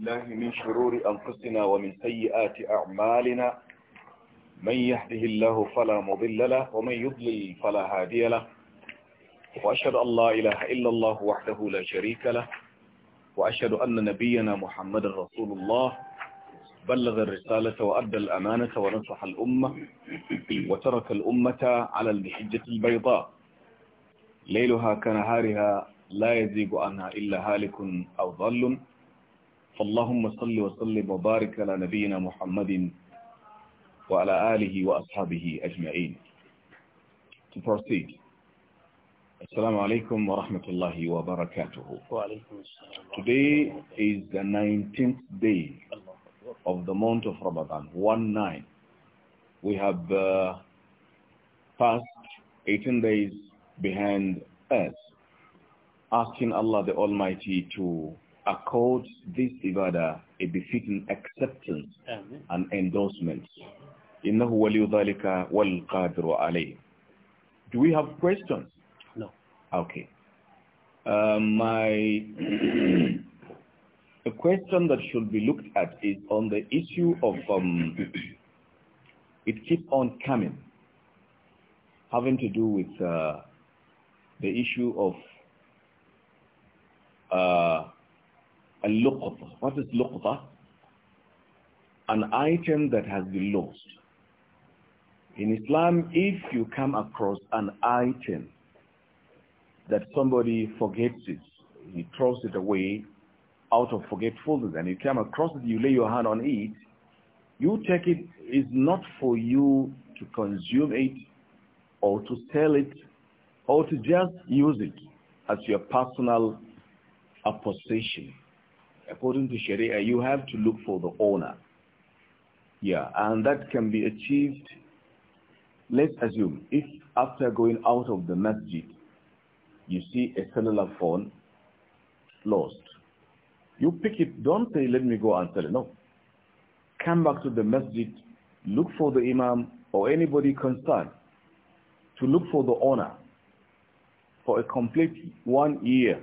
الله من شرور أنفسنا ومن سيئات أعمالنا من يهده الله فلا مضل له ومن يضلل فلا هادي له وأشهد أن لا إله إلا الله وحده لا شريك له وأشهد أن نبينا محمد رسول الله بلغ الرسالة وأدى الأمانة ونصح الأمة وترك الأمة على المحجة البيضاء ليلها كنهارها لا يزيغ عنها إلا هالك أو ظلم فاللهم صل وسلم وبارك على نبينا محمد وعلى آله وأصحابه أجمعين To proceed Assalamu alaikum wa rahmatullahi wa barakatuhu Today is the 19th day of the month of Ramadan 1-9 We have uh, passed 18 days behind us asking Allah the Almighty to accord this ibadah a befitting acceptance Amen. and endorsement. إِنَّهُ وَلِيُّ ذَلِكَ وَالْقَادِرُ عَلَيْهِ Do we have questions? No. Okay. Uh, my a question that should be looked at is on the issue of um, it keeps on coming, having to do with uh, the issue of uh, a What is luqta? An item that has been lost. In Islam, if you come across an item that somebody forgets it, he throws it away out of forgetfulness, and you come across it, you lay your hand on it, you take it, it's not for you to consume it or to sell it or to just use it as your personal possession according to Sharia, you have to look for the owner. Yeah, and that can be achieved, let's assume, if after going out of the masjid, you see a cellular phone lost. You pick it, don't say, let me go and sell it. No. Come back to the masjid, look for the imam or anybody concerned to look for the owner for a complete one year.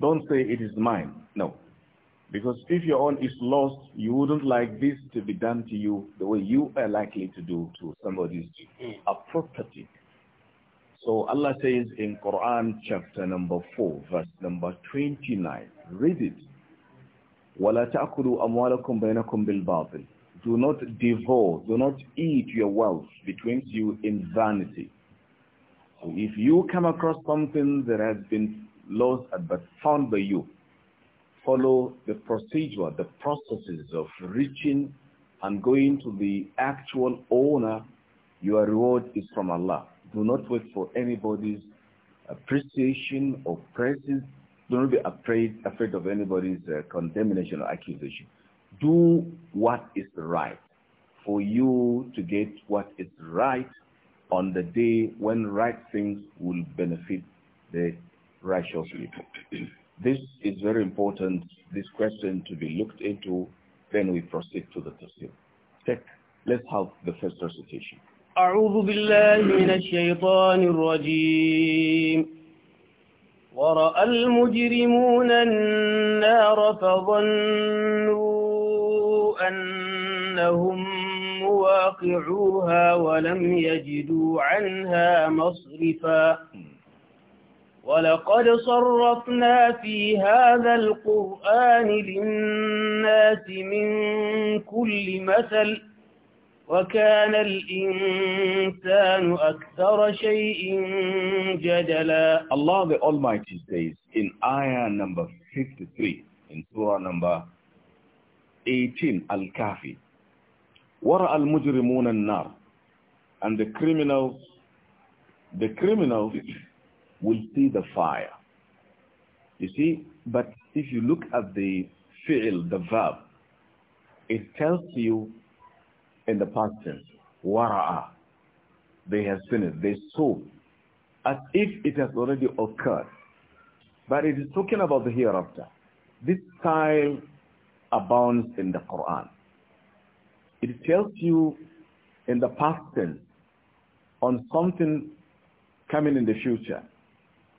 Don't say it is mine. No. Because if your own is lost, you wouldn't like this to be done to you the way you are likely to do to somebody's a property. So Allah says in Quran chapter number 4, verse number 29, read it. وَلَا تَأْكُلُوا أَمْوَالَكُمْ بَيْنَكُمْ بِالْبَاطِلِ Do not devour, do not eat your wealth between you in vanity. So if you come across something that has been lost but found by you, follow the procedure, the processes of reaching and going to the actual owner, your reward is from Allah. Do not wait for anybody's appreciation or praises. Do not be afraid, afraid of anybody's uh, condemnation or accusation. Do what is right for you to get what is right on the day when right things will benefit the righteous people. This is very important, this question to be looked into, then we proceed to the tafsir. Let's have the first recitation. ورأى المجرمون النار فظنوا أنهم مواقعوها ولم يجدوا عنها مصرفاً ولقد صرفنا في هذا القرآن للناس من كل مثل وكان الإنسان أكثر شيء جدلا Allah the Almighty says in ayah number 53 in surah number 18 Al-Kafi ورأى المجرمون النار and the criminals the criminals will see the fire. You see, but if you look at the fi'l, the verb, it tells you in the past tense, wara'a, they have seen it, they saw, as if it has already occurred. But it is talking about the hereafter. This style abounds in the Quran. It tells you in the past tense on something coming in the future.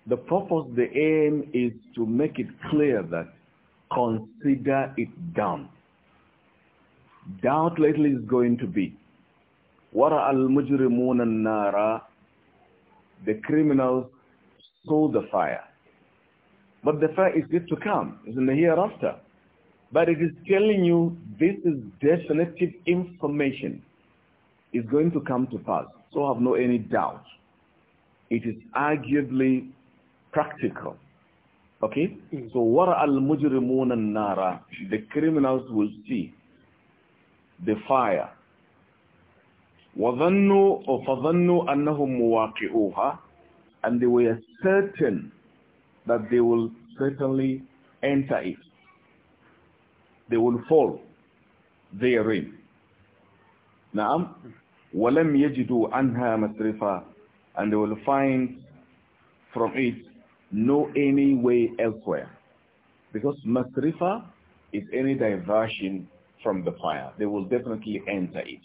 The purpose, the aim is to make it clear that consider it done. Doubtlessly is going to be. وَرَأَ الْمُجْرِمُونَ nara. The criminals saw the fire. But the fire is yet to come. It's in the hereafter. But it is telling you this is definitive information. Is going to come to pass. So have no any doubt. It is arguably practical. Okay? Hmm. So, what al mujrimuna nara, the criminals will see the fire. وَظَنُّوا فَظَنُّوا أَنَّهُمْ مُوَاقِعُوهَا And they were certain that they will certainly enter it. They will fall therein. نعم وَلَمْ يَجِدُوا عَنْهَا مَسْرِفًا And they will find from it no any way elsewhere. Because masrifa is any diversion from the fire. They will definitely enter it.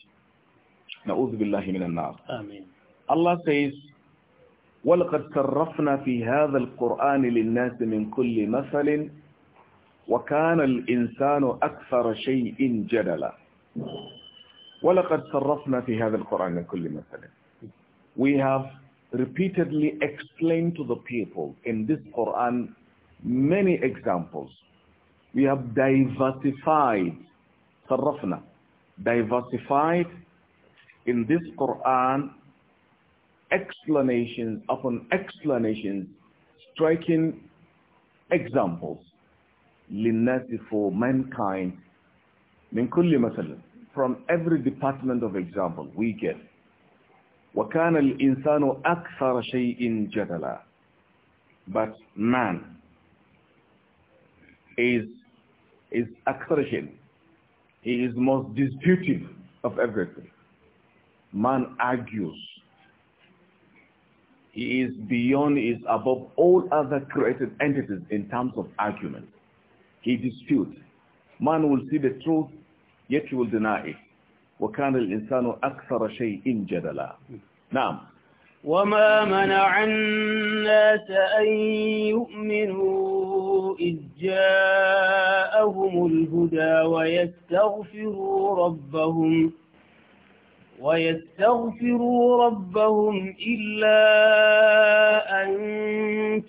Na'udhu billahi minan nar. Amen. Allah says, وَلَقَدْ صَرَّفْنَا فِي هَذَا الْقُرْآنِ لِلنَّاسِ مِنْ كُلِّ مَثَلٍ وَكَانَ الْإِنسَانُ أَكْثَرَ شَيْءٍ جَدَلًا وَلَقَدْ صَرَّفْنَا فِي هَذَا الْقُرْآنِ مِنْ كُلِّ مَثَلٍ We have repeatedly explained to the people in this Quran many examples. We have diversified, sarrafna, diversified in this Quran explanations upon explanations, striking examples للناس for mankind من from every department of example we get. وَكَانَ الْإِنسَانُ أَكْثَرَ شَيْءٍ جَدَلًا But man is is أكثر شيء. He is most disputive of everything. Man argues. He is beyond, he is above all other created entities in terms of argument. He disputes. Man will see the truth, yet he will deny it. وكان الإنسان أكثر شيء جدلا نعم وما منع الناس أن يؤمنوا إذ جاءهم الهدى ويستغفروا ربهم ويستغفروا ربهم إلا أن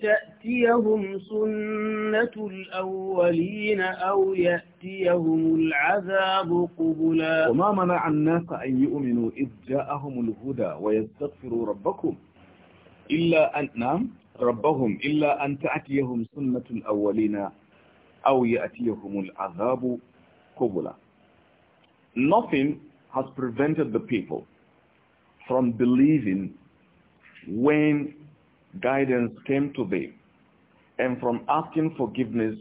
تأتي تأتيهم سنة الأولين أو يأتيهم العذاب قبلا وما منع الناس أن يؤمنوا إذ جاءهم الهدى ويستغفروا ربكم إلا أن نعم ربهم إلا أن تأتيهم سنة الأولين أو يأتيهم العذاب قبلا Nothing has prevented the people from believing when guidance came to them and from asking forgiveness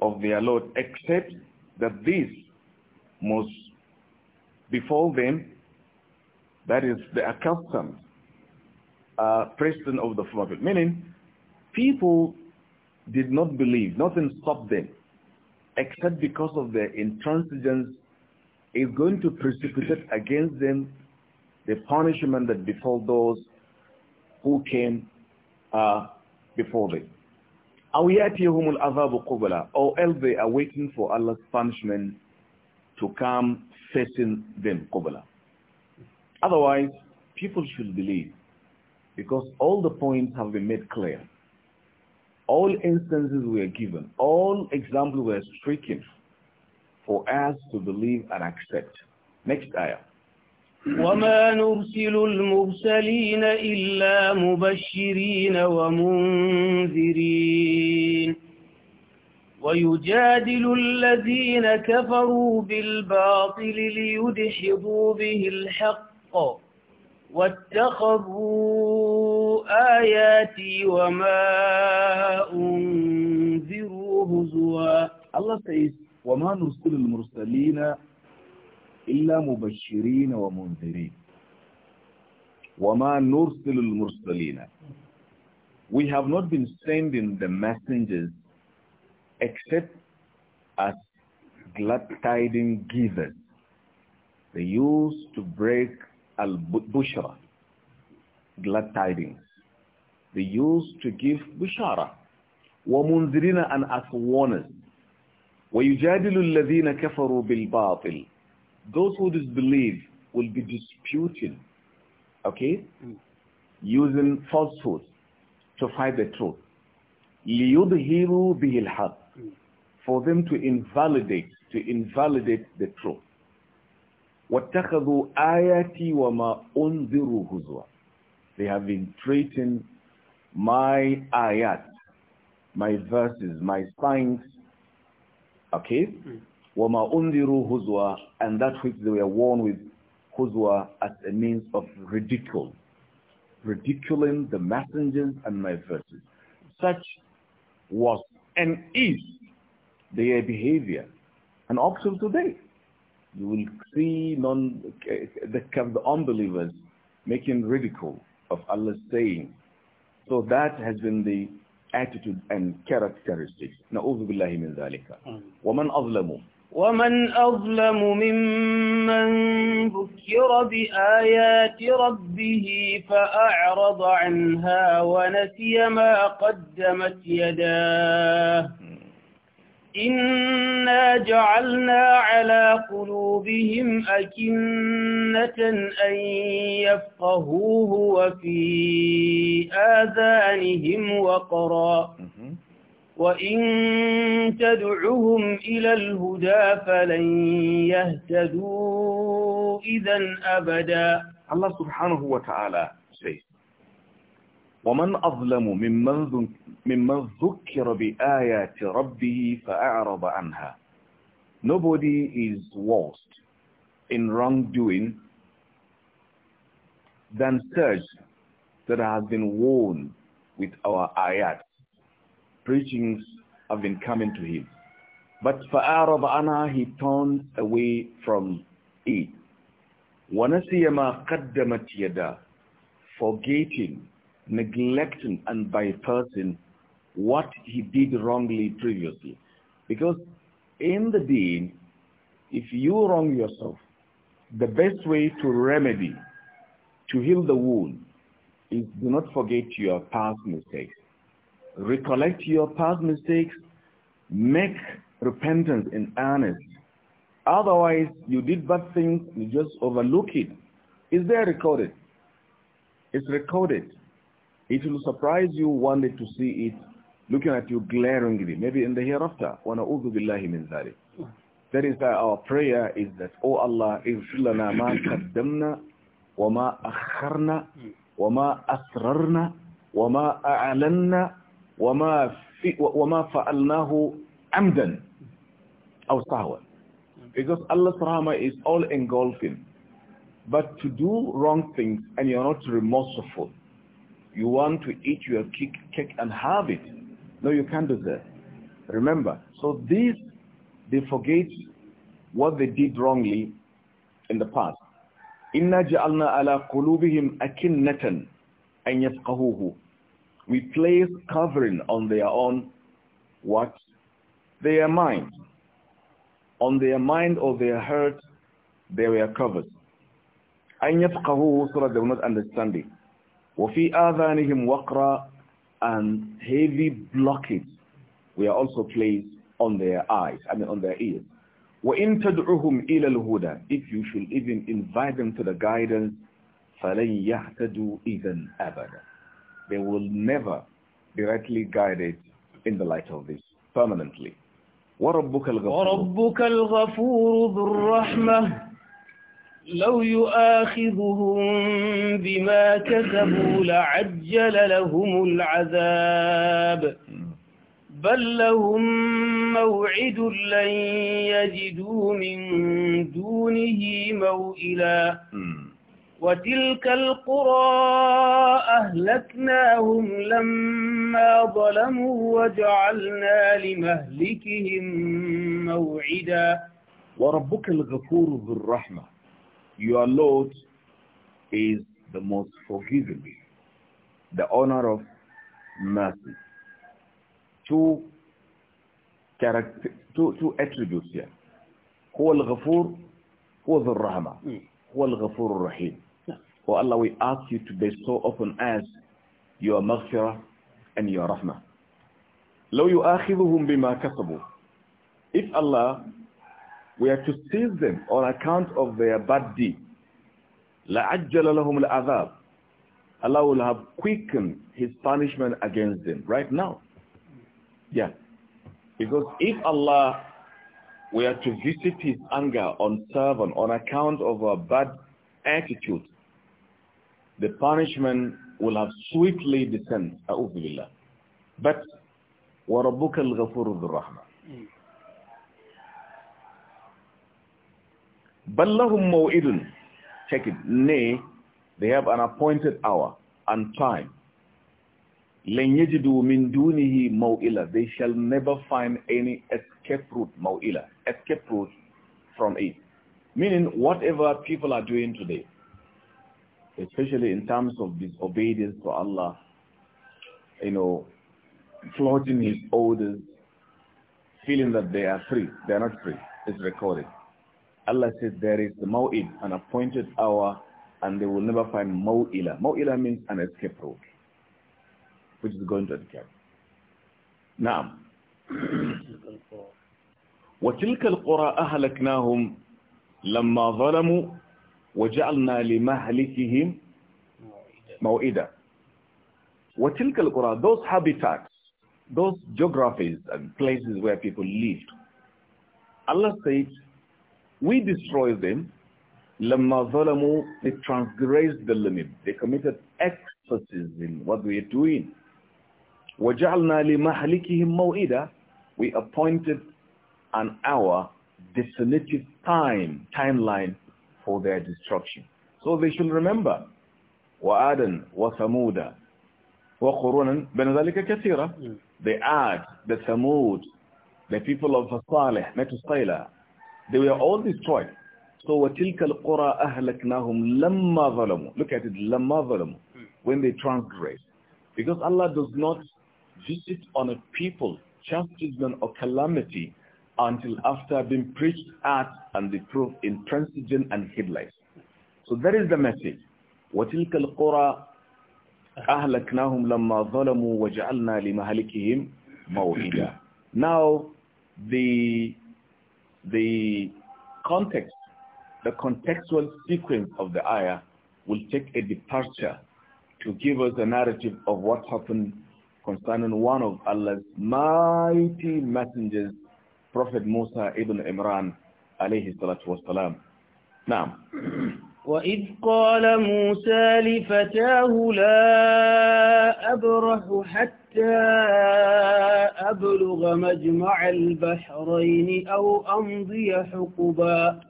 of their Lord, except that this must befall them, that is the accustomed uh, president of the Prophet. Meaning, people did not believe, nothing stopped them, except because of their intransigence is going to precipitate against them the punishment that befall those who came uh, before them. أو يأتيهم العذاب قبلا or else they are waiting for Allah's punishment to come facing them قبلا otherwise people should believe because all the points have been made clear all instances were given all examples were stricken for us to believe and accept next ayah وما نرسل المرسلين إلا مبشرين ومنذرين ويجادل الذين كفروا بالباطل ليدحضوا به الحق واتخذوا آياتي وما أنذروا هزوا الله سيد وما نرسل المرسلين illa mubashirin wa munzirin wama nursilul we have not been sending the messengers except as glad tidings givers they used to break al-bushra glad tidings they used to give bushara ومنذرين أَنَّ as ويجادل الذين كفروا بالباطل those who disbelieve will be disputing, okay, mm. using falsehood to fight the truth. لِيُظْهِرُوا بِهِ الْحَقِّ hmm. For them to invalidate, to invalidate the truth. وَاتَّخَذُوا آيَاتِي وَمَا أُنذِرُوا huzwa. They have been treating my ayat, my verses, my signs, okay, mm. وَمَا undiru هُزْوَى And that which they were warned with huzwa as a means of ridicule, ridiculing the messengers and my verses. Such was and is their behavior. And up till today, you will see non, the, the unbelievers making ridicule of Allah's saying. So that has been the attitude and characteristics. نعوذ بالله من ذلك. ومن azlamu. ومن أظلم ممن ذكر بآيات ربه فأعرض عنها ونسي ما قدمت يداه إنا جعلنا على قلوبهم أكنة أن يفقهوه وفي آذانهم وقرا وإن تدعهم إلى الهدى فلن يهتدوا إذا أبدا الله سبحانه وتعالى سيد ومن أظلم ممن, ذكر بآيات ربه فأعرض عنها Nobody is worse in wrongdoing than such that has been worn with our ayat preachings have been coming to him. But for فَأَعْرَضَ عَنْهَا He turned away from it. وَنَسِيَ مَا قَدَّمَتْ Forgetting, neglecting and bypassing what he did wrongly previously. Because in the deen, if you wrong yourself, the best way to remedy, to heal the wound, is do not forget your past mistakes recollect your past mistakes, make repentance in earnest. Otherwise, you did bad things, you just overlook it. Is there recorded? It's recorded. It will surprise you one day to see it looking at you glaringly, maybe in the hereafter. وَنَعُوذُ بِاللَّهِ مِنْ ذَلِكَ That is why our prayer is that, O oh Allah, اغفر لنا ما قدمنا وما أخرنا وما أسررنا وما أعلنا وما, في وما فعلناه عمدا أو سهوا because Allah's rahmah is all engulfing but to do wrong things and you're not remorseful you want to eat your cake, cake and have it no you can't do that remember so these they forget what they did wrongly in the past inna ja'alna ala qulubihim akinnatan an yafqahuhu we place covering on their own what? Their mind. On their mind or their heart, they were covered. أن يفقهوه so that they will not understand it. وفي آذانهم وقرا and heavy blockage were also placed on their eyes, I mean on their ears. وَإِن تَدْعُهُمْ إِلَى الْهُدَى If you should even invite them to the guidance, فَلَنْ يَهْتَدُوا إِذًا أَبَدًا they will never be rightly guided in the light of this permanently. وربك الغفور وربك الغفور ذو الرحمة لو يؤاخذهم بما كسبوا لعجل لهم العذاب بل لهم موعد لن يجدوا من دونه موئلا hmm. وتلك القرى أهلكناهم لما ظلموا وجعلنا لمهلكهم موعدا وربك الغفور ذو الرحمة Your Lord is the most forgiving, the honor of mercy. Two, character, two, two attributes here. هو الغفور هو ذو الرحمة. Mm. huwal Allah, we ask you to bestow upon us your maghfirah and your rahmah. لو يؤاخذهم بما كسبوا If Allah were to seize them on account of their bad deed, لعجل لهم العذاب Allah will have quickened his punishment against them right now. Yeah. Because if Allah we are to visit his anger on servant on account of a bad attitude, the punishment will have swiftly descend. But وَرَبُّكَ الْغَفُورُ ذُو الرَّحْمَةِ But لَهُمْ مَوْئِدٌ Check it. Nay, they have an appointed hour and time they shall never find any escape route escape route from it meaning whatever people are doing today especially in terms of disobedience to Allah you know flouting his orders feeling that they are free they are not free It's recorded Allah says there is the maw'id an appointed hour and they will never find maw'ila maw'ila means an escape route which is going to the camp. Now, وتلك القرى أهلكناهم لما ظلموا وجعلنا لمهلكهم موئدا وتلك القرى those habitats those geographies and places where people lived Allah said we destroyed them لما ظلموا they transgressed the limit they committed excesses in what we are doing وَجَعَلْنَا لِمَحْلِكِهِمْ مَوْئِدًا We appointed an hour, definitive time, timeline for their destruction. So they should remember وَآدًا وَثَمُودًا وَقُرُونًا بَنَ ذَلِكَ كَثِيرًا mm. They add the Thamud, the people of Salih, Metusayla, they were all destroyed. So وَتِلْكَ الْقُرَىٰ أَهْلَكْنَاهُمْ لَمَّا ظَلَمُوا Look at it, لَمَّا ظَلَمُوا mm. When they transgress. Because Allah does not visit on a people, chastisement or calamity until after being preached at and the proof transigen and heedless. So that is the message. وَتِلْكَ الْقُرَى أَهْلَكْنَاهُمْ لَمَّا ظَلَمُوا وَجَعَلْنَا لِمَهَلِكِهِمْ Now, the, the context, the contextual sequence of the ayah will take a departure to give us a narrative of what happened concerning one of Allah's mighty messengers, Prophet Musa ibn Imran, alayhi salatu wasalam. Now, وَإِذْ قَالَ مُوسَى لِفَتَاهُ لَا أَبْرَحُ حَتَّى أَبْلُغَ مَجْمَعَ الْبَحْرَيْنِ أَوْ أَمْضِيَ حُقُبًا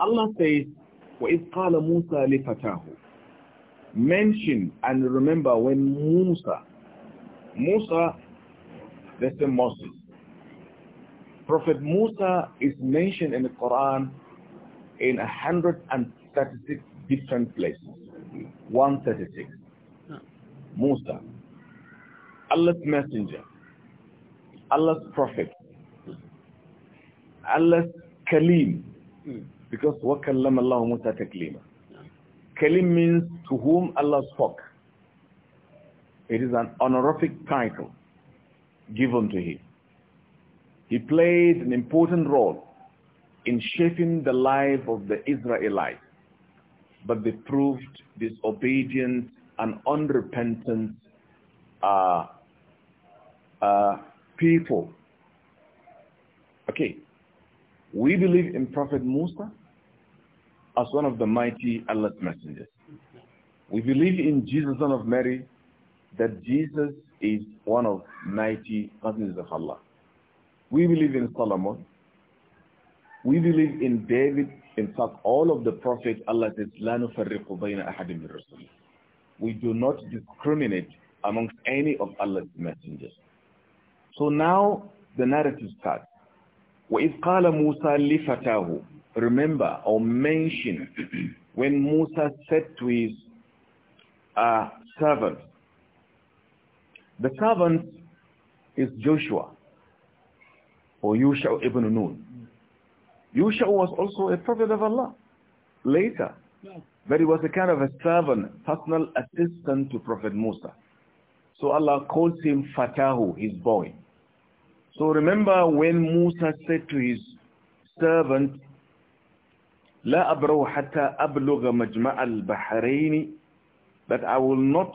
Allah says, وَإِذْ قَالَ مُوسَى لِفَتَاهُ Mention and remember when Musa Musa, the same Moses. Prophet Musa is mentioned in the Quran in 136 different places. 136. Musa, Allah's messenger, Allah's prophet, Allah's kalim, hmm. because وَكَلَّمَ اللَّهُ مُوسَى تَكْلِيمًا Kalim means to whom Allah spoke. It is an honorific title given to him. He played an important role in shaping the life of the Israelites, but they proved disobedient and unrepentant uh, uh, people. Okay, we believe in Prophet Musa as one of the mighty Allah's messengers. We believe in Jesus, son of Mary, that Jesus is one of 90 cousins of Allah. We believe in Solomon. We believe in David. In fact, all of the prophets, Allah says, We do not discriminate amongst any of Allah's messengers. So now the narrative starts. وَإِذْ قَالَ مُوسَى لِفَتَاهُ Remember or mention when Musa said to his uh, servant, the servant is Joshua or Yusha ibn Nun. Yusha was also a prophet of Allah later. But he was a kind of a servant, personal assistant to Prophet Musa. So Allah calls him Fatahu, his boy. So remember when Musa said to his servant, لا أبرو حتى أبلغ مجمع البحرين that I will not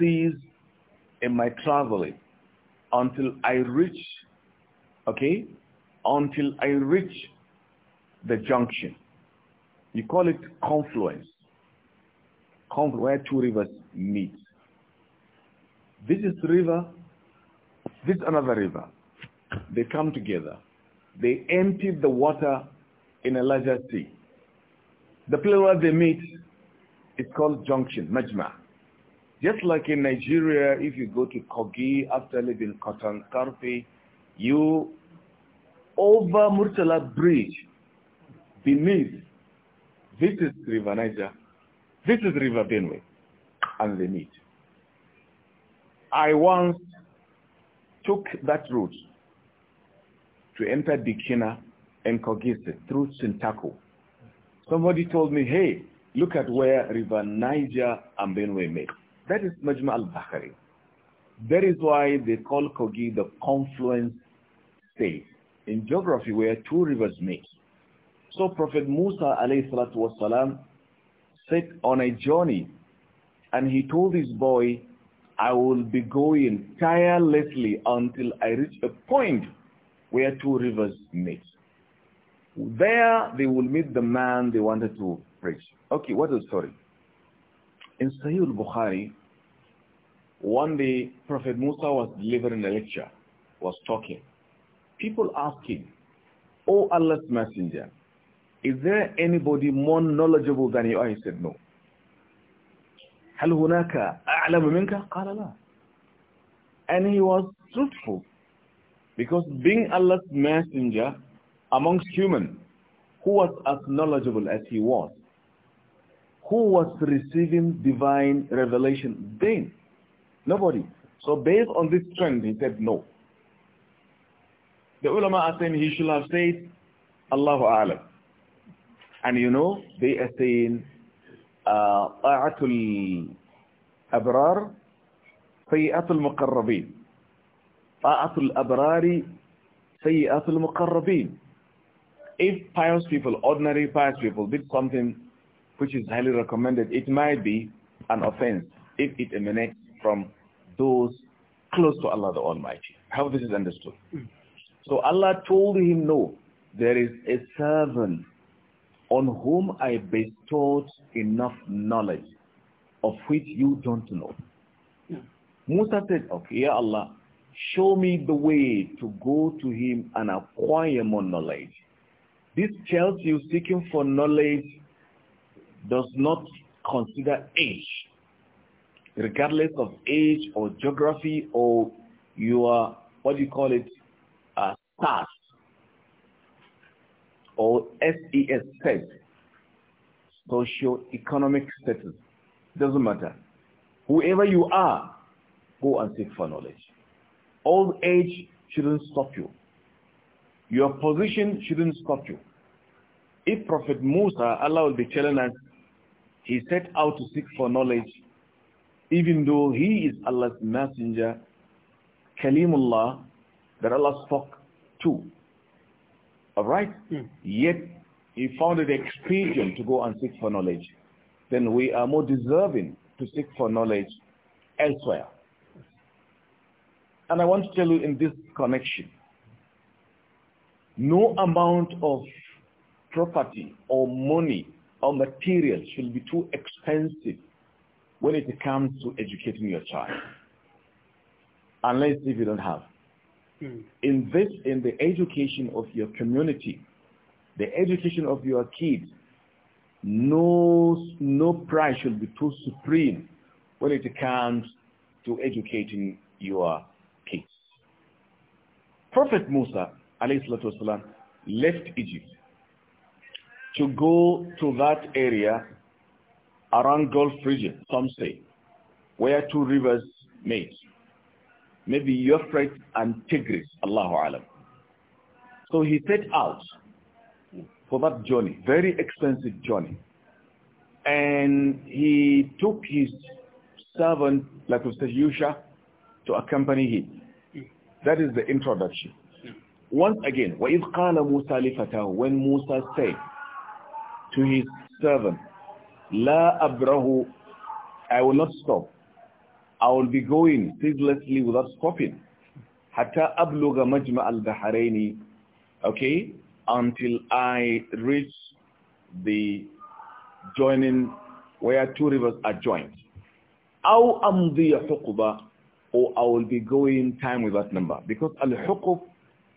cease in my traveling until I reach, okay, until I reach the junction. You call it confluence, confluence where two rivers meet. This is river, this is another river. They come together. They empty the water in a larger sea. The place where they meet is called junction, majma. Just like in Nigeria, if you go to Kogi after leaving Cotton Karpi, you over Murtala Bridge beneath, this is River Niger, this is River Benue, and they meet. I once took that route to enter Dikina and Kogese through Sintako. Somebody told me, hey, look at where River Niger and Benue meet." That is Majma al-Bahari. That is why they call Kogi the confluence state in geography where two rivers meet. So Prophet Musa والسلام, set on a journey and he told his boy, I will be going tirelessly until I reach a point where two rivers meet. There they will meet the man they wanted to preach. Okay, what the story. In Sahih al-Bukhari, one day Prophet Musa was delivering a lecture, was talking. People asked him, O oh Allah's messenger, is there anybody more knowledgeable than you are? He said, no. هل هناك أعلم منك؟ قال لا. And he was truthful because being Allah's messenger amongst humans, who was as knowledgeable as he was, who was receiving divine revelation then? Nobody. So based on this trend, he said no. The ulama are saying he should have said, Allahu A'lam. And you know, they are saying, طاعة uh, abrar, سيئة المقربين طاعة الأبرار سيئة المقربين If pious people, ordinary pious people did something which is highly recommended, it might be an offense if it emanates from those close to Allah the Almighty. How this is understood. Hmm. So Allah told him, no, there is a servant on whom I bestowed enough knowledge of which you don't know. Yeah. Musa said, okay, Ya Allah, show me the way to go to him and acquire more knowledge. This child you seeking for knowledge does not consider age, regardless of age or geography or your, what do you call it, uh, SARS or SES set, socio-economic status, doesn't matter. Whoever you are, go and seek for knowledge. Old age shouldn't stop you. Your position shouldn't stop you. If Prophet Musa, Allah will be telling us, he set out to seek for knowledge, even though he is Allah's messenger, Kalimullah, that Allah spoke to. Alright? Mm. Yet he found it expedient to go and seek for knowledge. Then we are more deserving to seek for knowledge elsewhere. And I want to tell you in this connection, no amount of property or money or material should be too expensive when it comes to educating your child. Unless if you don't have. Mm. Invest in the education of your community, the education of your kids. No, no price should be too supreme when it comes to educating your kids. Prophet Musa, alayhi salatu wasalam, left Egypt to go to that area around Gulf region, some say, where two rivers meet. Maybe Euphrates and Tigris, Allahu Alam. So he set out for that journey, very expensive journey. And he took his servant, like we said, Yusha, to accompany him. That is the introduction. Once again, وَإِذْ قَالَ مُوسَى لِفَتَاهُ When Musa said to his servant, La abrahu, I will not stop. I will be going ceaselessly without stopping. Hatta abluga majma al-baharaini, okay, until I reach the joining where two rivers are joined. Aw amdiya huquba, or I will be going time with that number. Because al-huqub,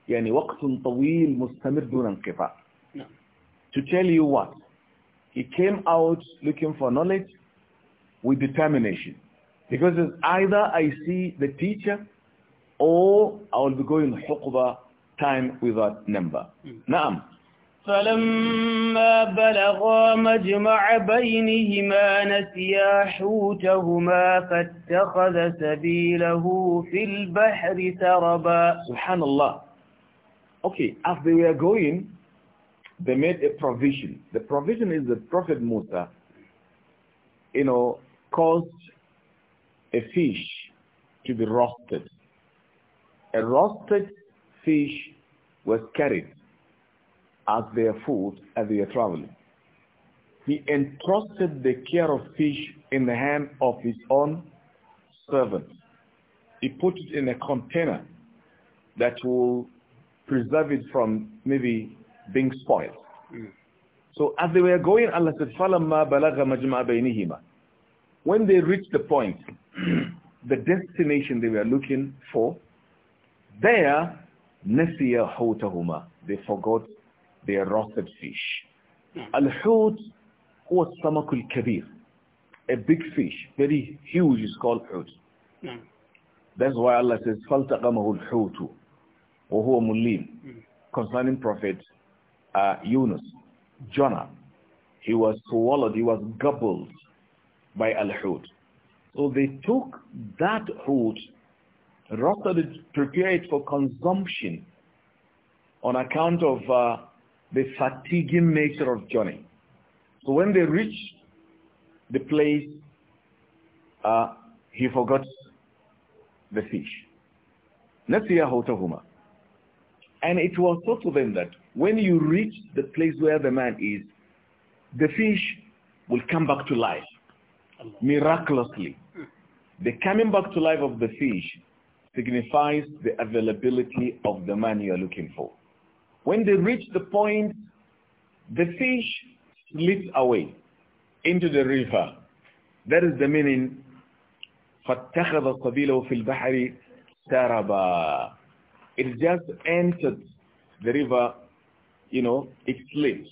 yani waqtun tawil mustamir dunan To tell you what? He came out looking for knowledge with determination. Because either I see the teacher or I will be going huqba time without number. Hmm. Naam. فلما بلغا مجمع بينهما نسيا حوتهما فاتخذ سبيله في البحر سربا سبحان الله Okay, as they were going, they made a provision. The provision is that Prophet Musa, you know, caused a fish to be roasted. A roasted fish was carried as their food as they were traveling. He entrusted the care of fish in the hand of his own servant. He put it in a container that will preserve it from maybe being spoiled. Mm. So as they were going, Allah said, فَلَمَّا بَلَغَ مَجْمَعَ بَيْنِهِمَا When they reached the point, the destination they were looking for, there, نَسِيَ حُوتَهُمَا They forgot their roasted fish. Mm. Al-Hut was Samakul Kabir, a big fish, very huge, is called Hut. Mm. That's why Allah says, فَالْتَقَمَهُ الْحُوتُ وَهُوَ مُلِّيمٌ Concerning Prophet uh, Yunus, Jonah. He was swallowed, he was gobbled by Al-Hud. So they took that hud, roasted it, prepared it for consumption on account of uh, the fatiguing nature of journey. So when they reached the place, uh, he forgot the fish. نسي حوتهما. And it was told to them that when you reach the place where the man is, the fish will come back to life miraculously. Hmm. The coming back to life of the fish signifies the availability of the man you are looking for. When they reach the point, the fish slips away into the river. That is the meaning, فَاتَّخَذَ صَبِيلَهُ فِي الْبَحْرِ سَرَبًا It just entered the river you know, it sleeps.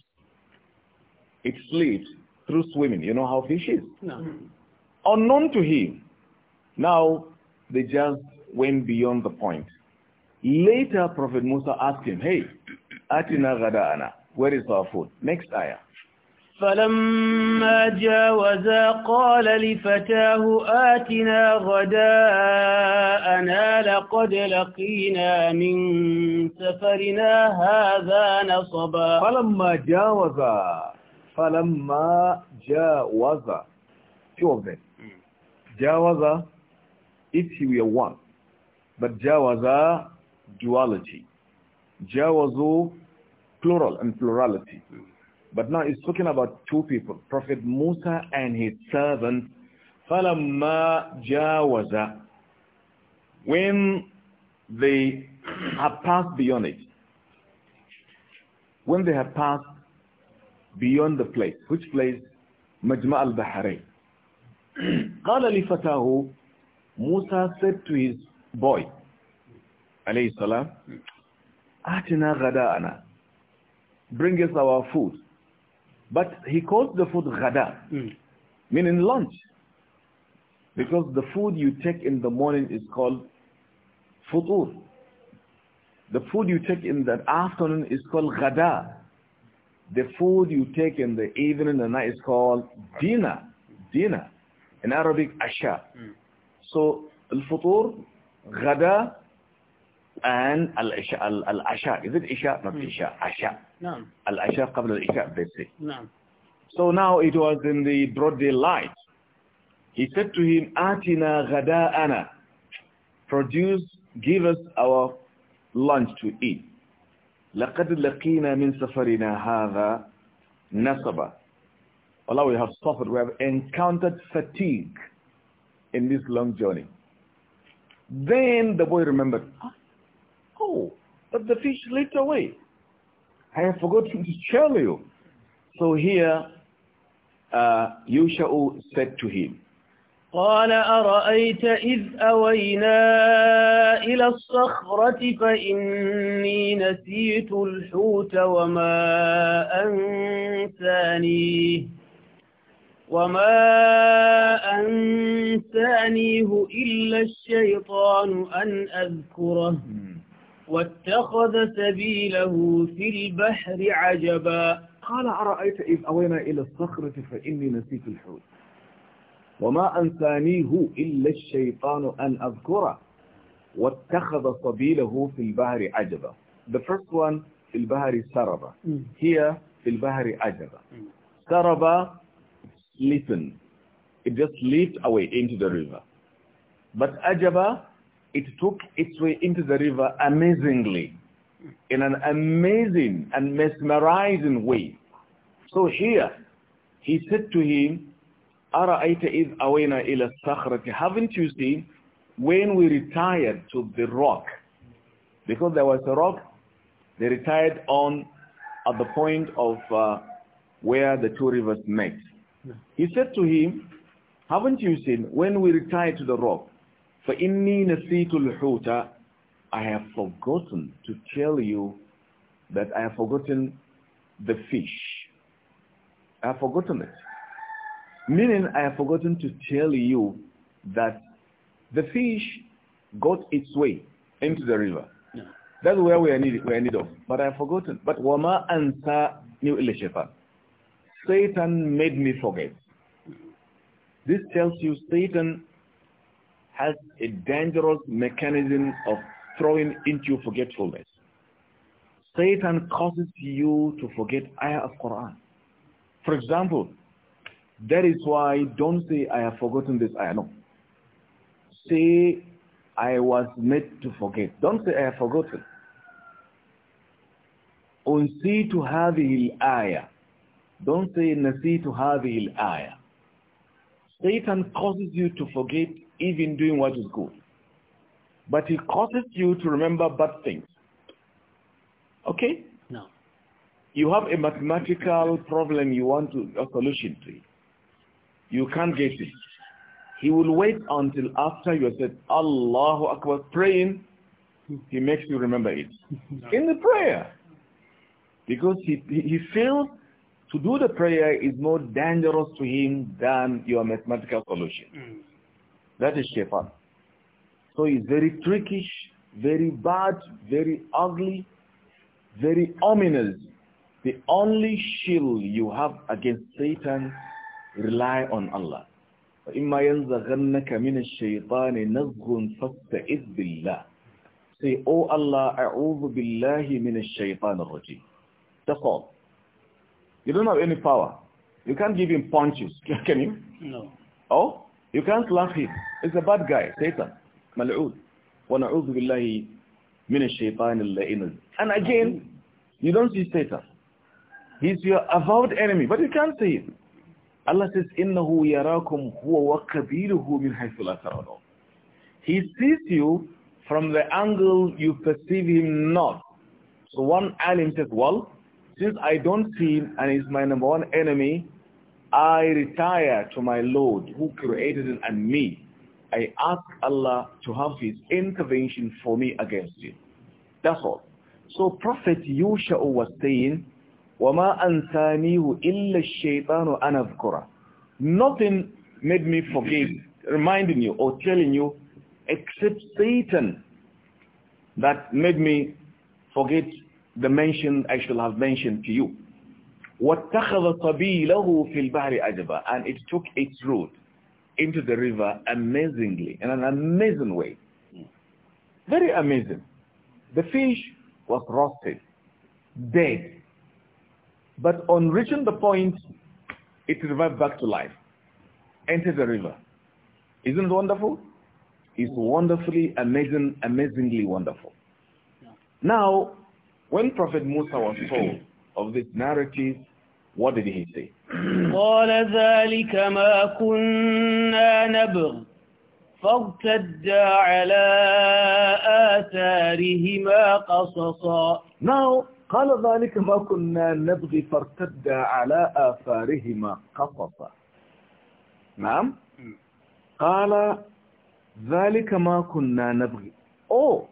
It sleeps through swimming. You know how fish is? No. Mm-hmm. Unknown to him. Now, they just went beyond the point. Later, Prophet Musa asked him, hey, Atina Gada'ana, where is our food? Next ayah. فلما جاوزا قال لفتاه آتنا غداءنا لقد لقينا من سفرنا هذا نصبا فلما جاوزا فلما جاوزا two of them hmm. جاوزا if you are one but جاوزا duality جاوزوا plural and plurality mm. But now it's talking about two people, Prophet Musa and his servant. فَلَمَّا جَاوَزَ When they have passed beyond it, when they have passed beyond the place, which place? al البحرين. قال لفتاه Musa said to his boy, عليه السلام, آتنا غداءنا. Bring us our food. But he calls the food ghada, mm. meaning lunch. Because the food you take in the morning is called futur. The food you take in the afternoon is called ghada. The food you take in the evening and night is called dinner. Dinner. In Arabic, asha. Mm. So, al-futur, ghada, and al-Isha, al-Asha. Is it Isha? Not hmm. Isha, Asha. No. Al-Asha qabla isha No. So now it was in the broad daylight. He said to him, Atina ghada'ana. Produce, give us our lunch to eat. لَقَدْ لَقِينَا مِنْ سَفَرِنَا هَذَا نَصَبًا Allah, we have suffered, we have encountered fatigue in this long journey. Then the boy remembered, ah, but the fish slipped away. I have forgotten to tell you. So here, uh, Yusha'u said to him, قال أرأيت إذ أوينا إلى الصخرة فإني نسيت الحوت وما أنسانيه وما أنسانيه إلا الشيطان أن أذكره واتخذ سبيله في البحر عجبا قال أرأيت إذ أوينا إلى الصخرة فإني نسيت الحوت وما أنسانيه إلا الشيطان أن أذكره واتخذ سبيله في البحر عجبا The first one في البحر سربا هي في البحر عجبا سربا listen It just leaped away into the river But عجبا it took its way into the river amazingly, in an amazing and mesmerizing way. So here, he said to him, أَرَأَيْتَ إِذْ أَوَيْنَا إِلَى الصَّخْرَةِ Haven't you seen when we retired to the rock? Because there was a rock, they retired on at the point of uh, where the two rivers met. He said to him, haven't you seen when we retired to the rock? فَإِنِّي نَسِيتُ الْحُوتَ I have forgotten to tell you that I have forgotten the fish. I have forgotten it. Meaning I have forgotten to tell you that the fish got its way into the river. That's where we are needed, need of. But I have forgotten. But wama ansa new ilishefan. Satan made me forget. This tells you Satan has a dangerous mechanism of throwing into forgetfulness. Satan causes you to forget ayah of Quran. For example, that is why don't say I have forgotten this ayah. No. Say I was made to forget. Don't say I have forgotten. Unsitu hadhihi al-ayah. Don't say nasitu hadhihi al-ayah. Satan causes you to forget even doing what is good. But he causes you to remember bad things. Okay? No. You have a mathematical problem you want to, a solution to. You can't get it. He will wait until after you have said, Allahu Akbar, praying, he makes you remember it. No. In the prayer. Because he, he feels to do the prayer is more dangerous to him than your mathematical solution. Mm. That is shaitan. So he's very trickish, very bad, very ugly, very ominous. The only shield you have against Satan, rely on Allah. وَإِمَّا يَنْزَغَنَّكَ مِنَ الشَّيْطَانِ نَزْغٌ فَاسْتَئِذْ بِاللَّهِ Say, Oh Allah, أَعُوذُ بِاللَّهِ مِنَ الشَّيْطَانِ الرَّجِيمِ That's all. You don't have any power. You can't give him punches, can you? No. Oh? You can't laugh him. He's a bad guy, Satan. Mal'ud. وَنَعُوذُ بِاللَّهِ مِنَ الشَّيْطَانِ اللَّئِنَ And again, you don't see Satan. He's your avowed enemy, but you can't see him. Allah says, إِنَّهُ يَرَاكُمْ هُوَ وَقَبِيلُهُ مِنْ حَيْثُ لَا He sees you from the angle you perceive him not. So one alim says, well, since I don't see him and he's my number one enemy, I retire to my Lord who created it and me. I ask Allah to have his intervention for me against it. That's all. So Prophet Yusha was saying, وَمَا أَنْسَانِيهُ إِلَّا الشَّيْطَانُ أَنَ Nothing made me forget, reminding you or telling you, except Satan that made me forget the mention I should have mentioned to you. وَاتَّخَذَ فِي الْبَحْرِ And it took its route into the river amazingly, in an amazing way. Very amazing. The fish was roasted, dead. But on reaching the point, it revived back to life, entered the river. Isn't it wonderful? It's wonderfully, amazing, amazingly wonderful. Now, when Prophet Musa was told of this narrative, What did he say? قال ذلك ما كنا نبغ فارتدى على آثارهما قصصا Now قال ذلك ما كنا نبغي فارتدى على آثارهما قصصا نعم قال ذلك ما كنا نبغي Oh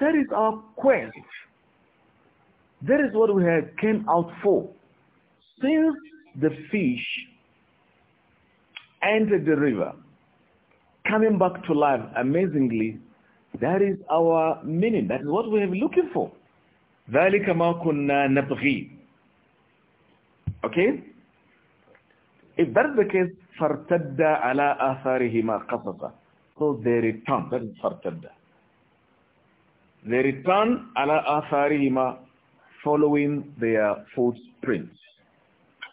that is our quest That is what we have came out for Since the fish entered the river, coming back to life amazingly, that is our meaning. That is what we have been looking for. ذَلِكَ مَا كُنَّا نَبْغِي Okay? If that's the case, فَارْتَدَّ عَلَىٰ آثَارِهِمَا قَصَصًا So they return. That is فَارْتَدَّ. They return عَلَىٰ آثَارِهِمَا following their footprints.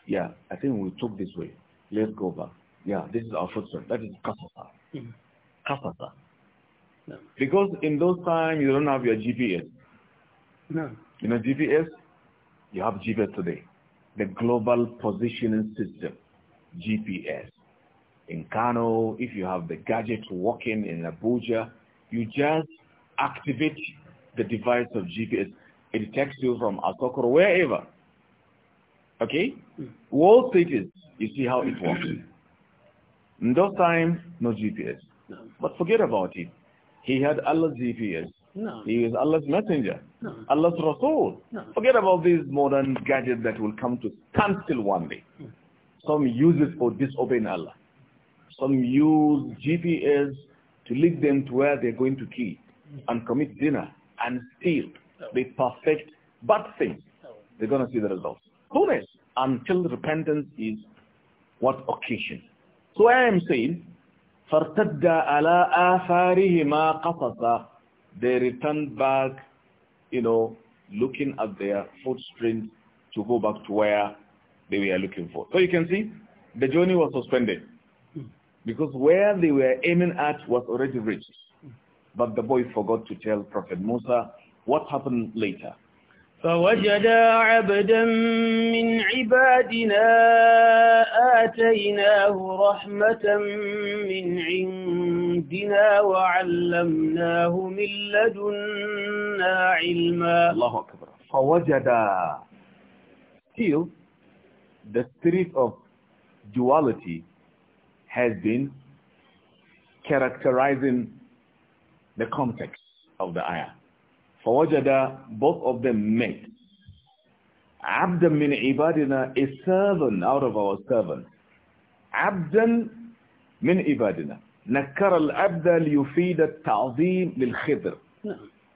Yeah, I think we took this way. Let's go back. Yeah, this is our footstep. That is Kasasa. Mm. Kasasa. No. Because in those times, you don't have your GPS. No. You know GPS? You have GPS today. The Global Positioning System, GPS. In Kano, if you have the gadget working in Abuja, you just activate the device of GPS. It takes you from Asokoro, wherever. Okay? World cities, you see how it works. In those times, no GPS. No. But forget about it. He had Allah's GPS. No. He is Allah's messenger. No. Allah's Rasul. Forget about these modern gadgets that will come to stand still one day. Hmm. Some use it for disobeying Allah. Some use GPS to lead them to where they're going to kill and commit dinner and steal. The perfect bad thing. They're going to see the results. Soonest until repentance is what occasion. So I am saying, عَلَىٰ آثَارِهِمَا They returned back, you know, looking at their footprints to go back to where they were looking for. So you can see, the journey was suspended because where they were aiming at was already reached. But the boy forgot to tell Prophet Musa what happened later. فوجدا عبدا من عبادنا آتيناه رحمة من عندنا وعلمناه من لدنا علما الله أكبر فوجدا Still, the spirit of duality has been characterizing the context of the ayah. فوجد both of them met. Abdan min ibadina, a servant out of our servants. Abdan min ibadina. نكر العبد ليفيد التعظيم للخضر.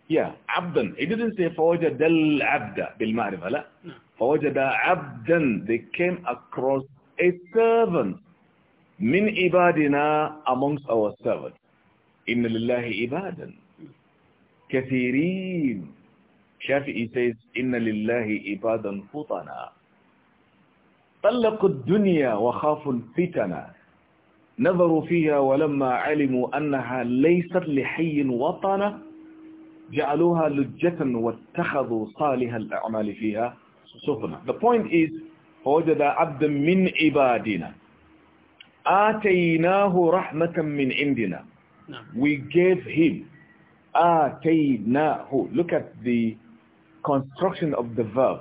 Yeah, عبدا. He didn't say فوجد العبد بالمعرفة, لا. فوجد عبدا. They came across a servant. من ibadina amongst our servants. إن لله عبادا كثيرين شافعي says, إن لله إبادا فطنا طلقوا الدنيا وخافوا الفتنة نظروا فيها ولما علموا أنها ليست لحي وطنة جعلوها لجة واتخذوا صالح الأعمال فيها سفنة The point is فوجد عبد من عبادنا آتيناه رحمة من عندنا نعم. We gave him آتيناه. Ah, Look at the construction of the verb.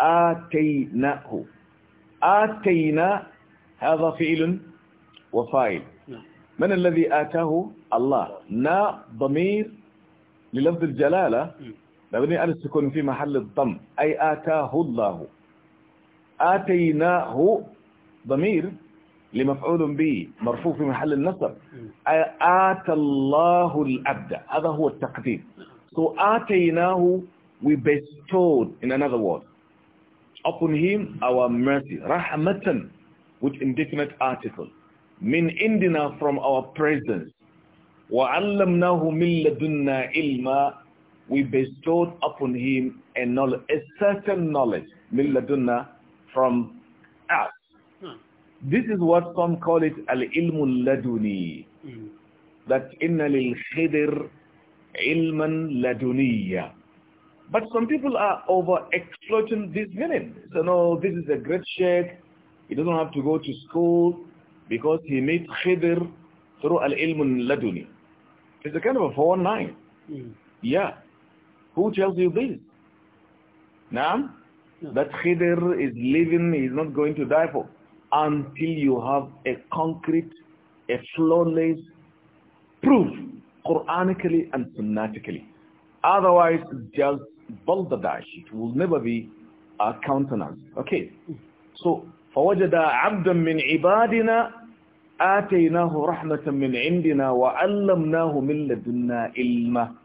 آتيناه. Hmm. آتينا هذا فعل وفاعل. نعم. من الذي آتاه؟ الله. نا ضمير للفظ الجلالة مبني hmm. على السكون في محل الضم أي آتاه الله آتيناه ضمير لمفعول به مرفوع في محل النصب آتى الله العبد هذا هو التقدير so آتيناه we bestowed in another word upon him our mercy رحمة with indefinite article من عندنا from our presence وعلمناه من لدنا علما we bestowed upon him a knowledge a certain knowledge من لدنا from this is what some call it al-ilmul laduni. Hmm. That inna lil khidr ilman laduniya. But some people are over exploiting this meaning. So no, this is a great sheikh. He doesn't have to go to school because he made khidr through al-ilmul laduni. It's a kind of a 419. Mm. Yeah. Who tells you this? Now, no. that khidr is living, he's not going to die for until you have a concrete, a flawless proof, Quranically and Sunnatically. Otherwise, just balderdash. It will never be a countenance. Okay. So, فَوَجَدَ عَبْدًا مِنْ عِبَادِنَا آتَيْنَاهُ رَحْمَةً مِنْ عِنْدِنَا وَأَلْمَنَاهُ مِنْ لَدُنَّا إِلْمًا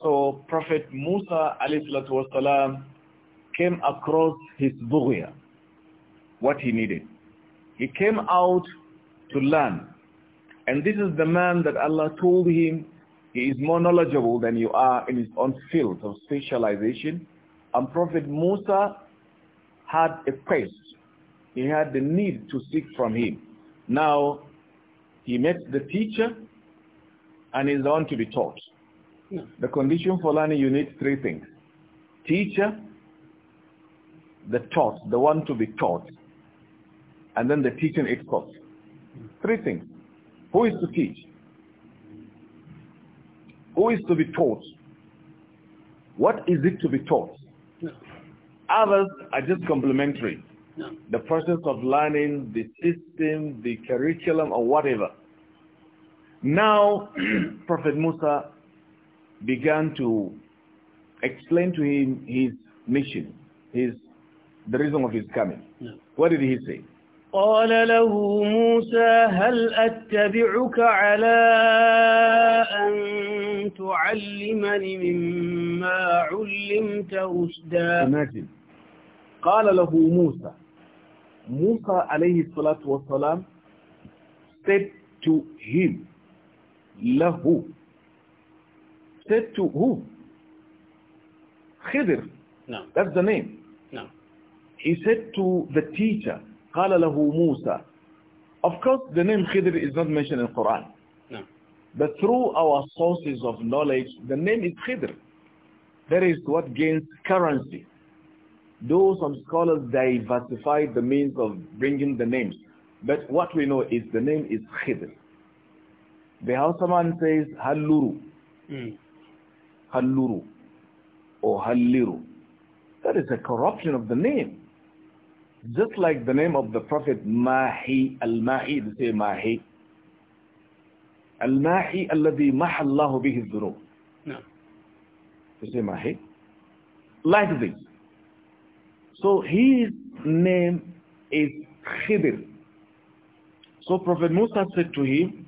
So, Prophet Musa, alayhi salatu wasalam, came across his bughyah what he needed. He came out to learn. And this is the man that Allah told him he is more knowledgeable than you are in his own field of specialization. And Prophet Musa had a quest. He had the need to seek from him. Now, he met the teacher and is on to be taught. Yeah. Hmm. The condition for learning, you need three things. Teacher, the taught, the one to be taught, and then the teaching itself. Three things. Who is to teach? Who is to be taught? What is it to be taught? No. Others are just complementary. No. The process of learning, the system, the curriculum, or whatever. Now, Prophet Musa began to explain to him his mission, his the reason of his coming. No. What did he say? قال له موسى هل أتبعك على أن تعلمني مما علمت رشدا قال له موسى موسى عليه الصلاة والسلام said to him له said to who Khidr no. نعم. that's the name no. نعم. he said to the teacher قال له موسى Of course, the name Khidr is not mentioned in Quran. But through our sources of knowledge, the name is Khidr. That is what gains currency. Though some scholars diversify the means of bringing the names, but what we know is the name is Khidr. The Hausaman says Halluru. Mm. Halluru. Or Halliru. That is a corruption of the name. Just like the name of the Prophet Mahi, Al-Mahi, they say Mahi. Al-Mahi, الذي محى الله bihi الذنوب. No. say Mahi. Like this. So his name is Khidr. So Prophet Musa said to him,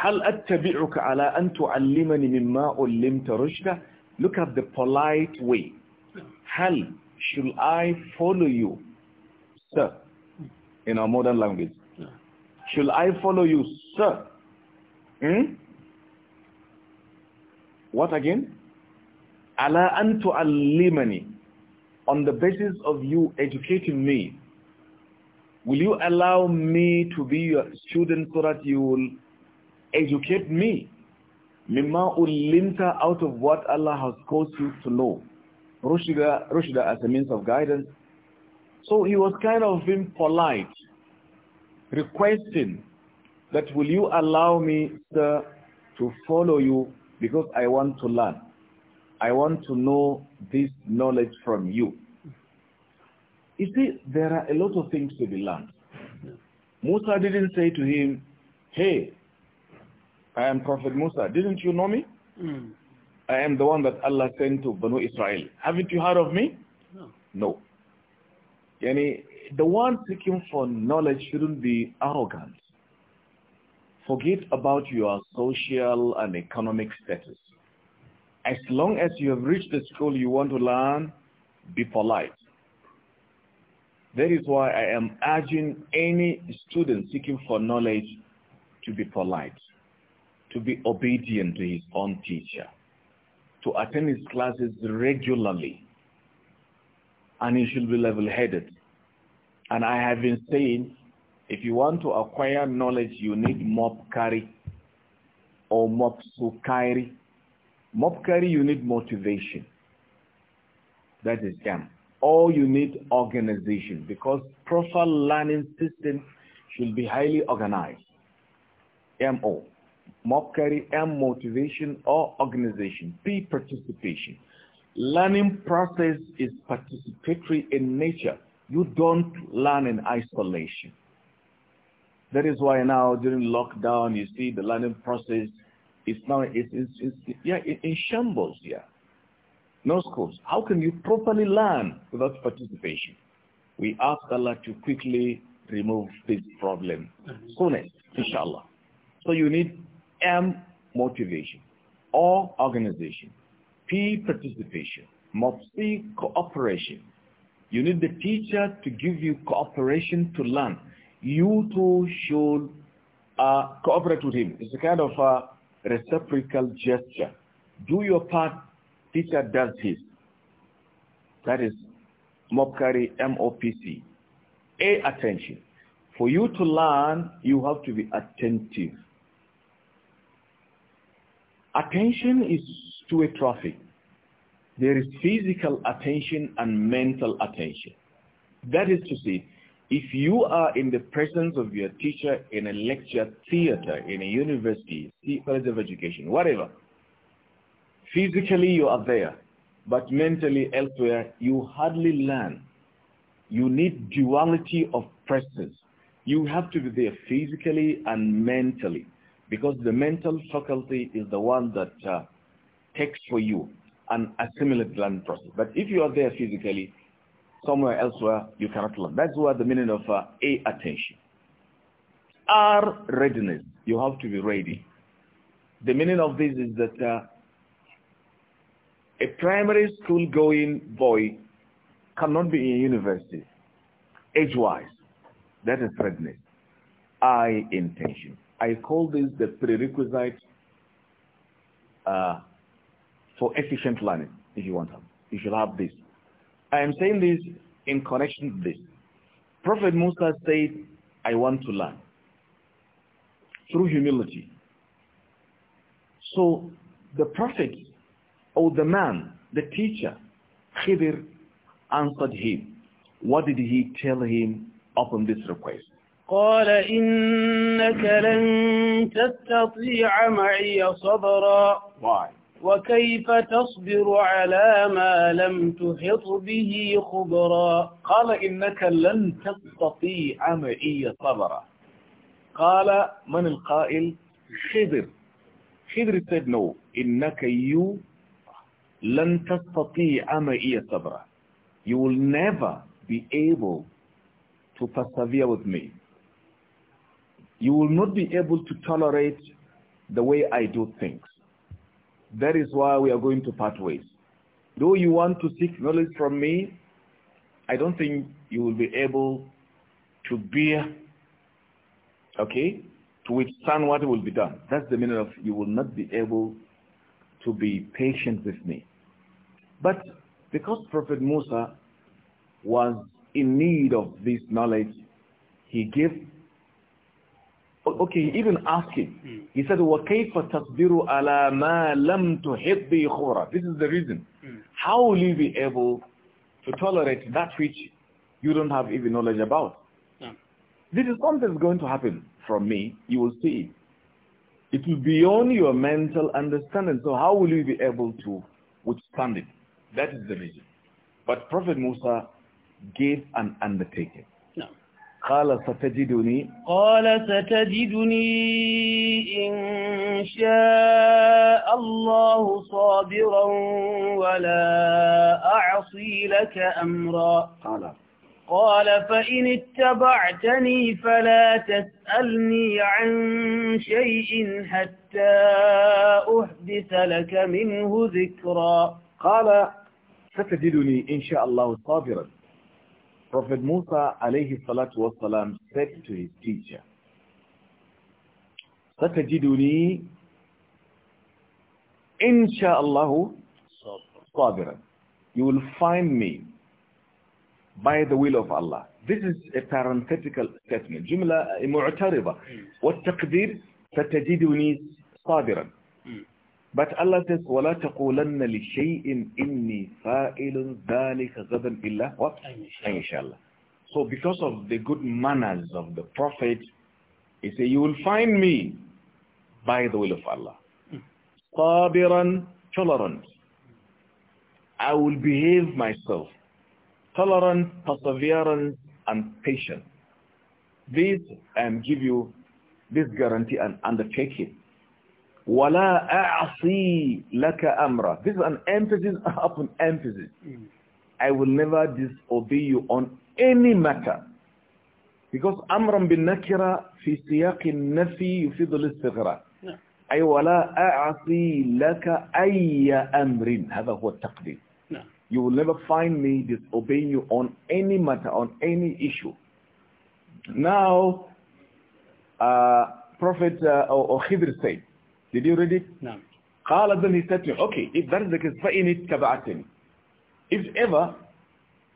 هل أتبعك على أن تعلمني مما علمت رشدا? Look at the polite way. هل should I follow you sir, in our modern language. Yeah. Should I follow you, sir? Hmm? What again? Ala antu allimani. On the basis of you educating me, will you allow me to be your student so that you will educate me? Mimma ullimta out of what Allah has caused you to know. Rushida, Rushida as a means of guidance, so he was kind of being polite, requesting that will you allow me, sir, to follow you because I want to learn. I want to know this knowledge from you. You see, there are a lot of things to be learned. Musa didn't say to him, hey, I am Prophet Musa. Didn't you know me? Mm. I am the one that Allah sent to Banu Israel. Haven't you heard of me? No. no. Yani, the one seeking for knowledge shouldn't be arrogant. Forget about your social and economic status. As long as you have reached the school you want to learn, be polite. That is why I am urging any student seeking for knowledge to be polite, to be obedient to his own teacher, to attend his classes regularly, and you should be level-headed. And I have been saying, if you want to acquire knowledge, you need mopkari or mopsukari. Mopkari, you need motivation. That is M. Or you need organization because proper learning system should be highly organized. MO. Mopkari, M motivation or organization. P participation. Learning process is participatory in nature. You don't learn in isolation. That is why now during lockdown, you see the learning process is now, it's, it's, it's yeah, in shambles, yeah. No schools. How can you properly learn without participation? We ask Allah to quickly remove this problem soonest, inshallah. So you need M motivation or organization. P participation, must be cooperation. You need the teacher to give you cooperation to learn. You too should uh, cooperate with him. It's a kind of a reciprocal gesture. Do your part, teacher does his. That is MOPCARI, M-O-P-C. A, attention. For you to learn, you have to be attentive. Attention is two-way traffic. There is physical attention and mental attention. That is to say, if you are in the presence of your teacher in a lecture theater, in a university, college of education, whatever, physically you are there, but mentally elsewhere, you hardly learn. You need duality of presence. You have to be there physically and mentally because the mental faculty is the one that uh, takes for you an assimilated learning process. But if you are there physically, somewhere elsewhere, you cannot learn. That's what the meaning of uh, A, attention. R, readiness. You have to be ready. The meaning of this is that uh, a primary school going boy cannot be in university age-wise. That is readiness. I, intention. I call this the prerequisite uh, for efficient learning if you want them. You should have this. I am saying this in connection to this. Prophet Musa said, I want to learn through humility. So the prophet or the man, the teacher, Khidir answered him. What did he tell him upon this request? قال إنك لن تستطيع معي صبرا Why? وكيف تصبر على ما لم تحط به خبرا قال إنك لن تستطيع معي صبرا قال من القائل خضر خضر سيدنو إنك يو لن تستطيع معي صبرا You will never be able to persevere with me. You will not be able to tolerate the way I do things. That is why we are going to part ways. Though you want to seek knowledge from me, I don't think you will be able to bear, okay, to withstand what will be done. That's the meaning of you will not be able to be patient with me. But because Prophet Musa was in need of this knowledge, he gave Okay, he even asked him. Hmm. He said, وَكَيْفَ تَصْبِرُ عَلَى مَا لَمْ تُحِطْ بِهِ خُورًا This is the reason. Hmm. How will you be able to tolerate that which you don't have even knowledge about? This is something that's going to happen from me. You will see it. It will be beyond your mental understanding. So how will you be able to withstand it? That is the reason. But Prophet Musa gave an undertaking. قال ستجدني قال ستجدني إن شاء الله صابرا ولا أعصي لك أمرا قال قال فإن اتبعتني فلا تسألني عن شيء حتى أحدث لك منه ذكرا قال ستجدني إن شاء الله صابرا Prophet Musa alayhi salatu wasalam said to his teacher, Satajiduni insha'Allah sabiran. You will find me by the will of Allah. This is a parenthetical statement. Jumla mu'tarida. Hmm. What taqdir? Satajiduni sabiran. But Allah says, وَلَا تَقُولَنَّ لِشَيْءٍ إِنِّي فَائِلٌ ذَلِكَ غَدًا إِلَّا What? Inshallah. So because of the good manners of the Prophet, he said, you will find me by the will of Allah. صَابِرًا hmm. Tolerant. I will behave myself. Tolerant, perseverance, and patience. This I um, give you this guarantee and undertaking وَلَا أَعْصِي لَكَ أَمْرًا This is an emphasis upon emphasis. I will never disobey you on any matter. Because أمرا بالنكرة في سياق النفي يفيد الاستغراء. أي ولا أعصي لك أي أمر هذا هو التقدير. You will never find me disobeying you on any matter, on any issue. Now, uh, Prophet uh, or, or Khidr said, did you read it? No. قال then he said to me, okay, if that is the case, فَإِنِ اتَّبَعْتَنِ If ever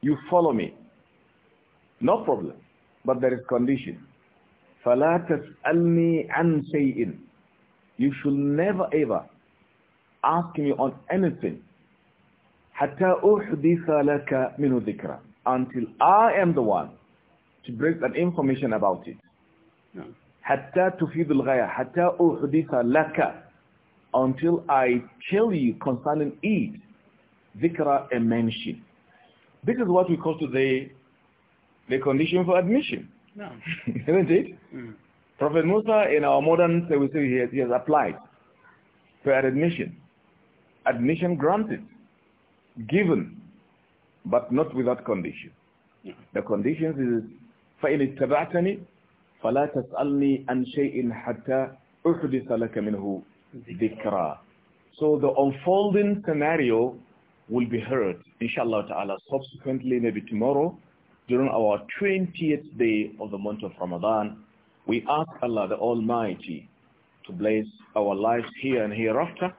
you follow me, no problem. But there is condition. فَلَا تَسْأَلْنِي عَنْ شَيْءٍ You should never ever ask me on anything. حَتَّى أُحْدِثَ لَكَ ذِكْرًا Until I am the one to bring that information about it. No. Hatta ghaya, hatta uhditha laka. Until I tell you concerning it, dhikra and mention. This is what we call today the condition for admission. No. Isn't it? Mm. Prophet Musa in our modern say we say he has, he has applied for admission. Admission granted, given, but not without condition. The conditions is فَإِنِ اتَّبَعْتَنِي فلا تسألني عن شيء حتى أحدث لك منه ذكرى So the unfolding scenario will be heard, inshallah ta'ala, subsequently, maybe tomorrow, during our 20th day of the month of Ramadan. We ask Allah the Almighty to bless our lives here and hereafter,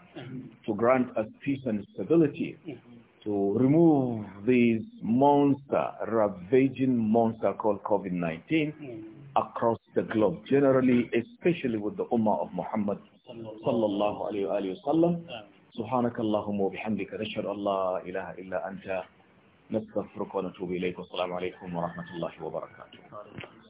to grant us peace and stability, to remove this monster, ravaging monster called COVID-19, across the globe, generally, especially with the Ummah of Muhammad sallallahu alayhi wa sallam. سبحانك اللهم وبحمدك Allah ila لا anta إلا أنت نستغفرك ونتوب إليك والسلام عليكم ورحمة الله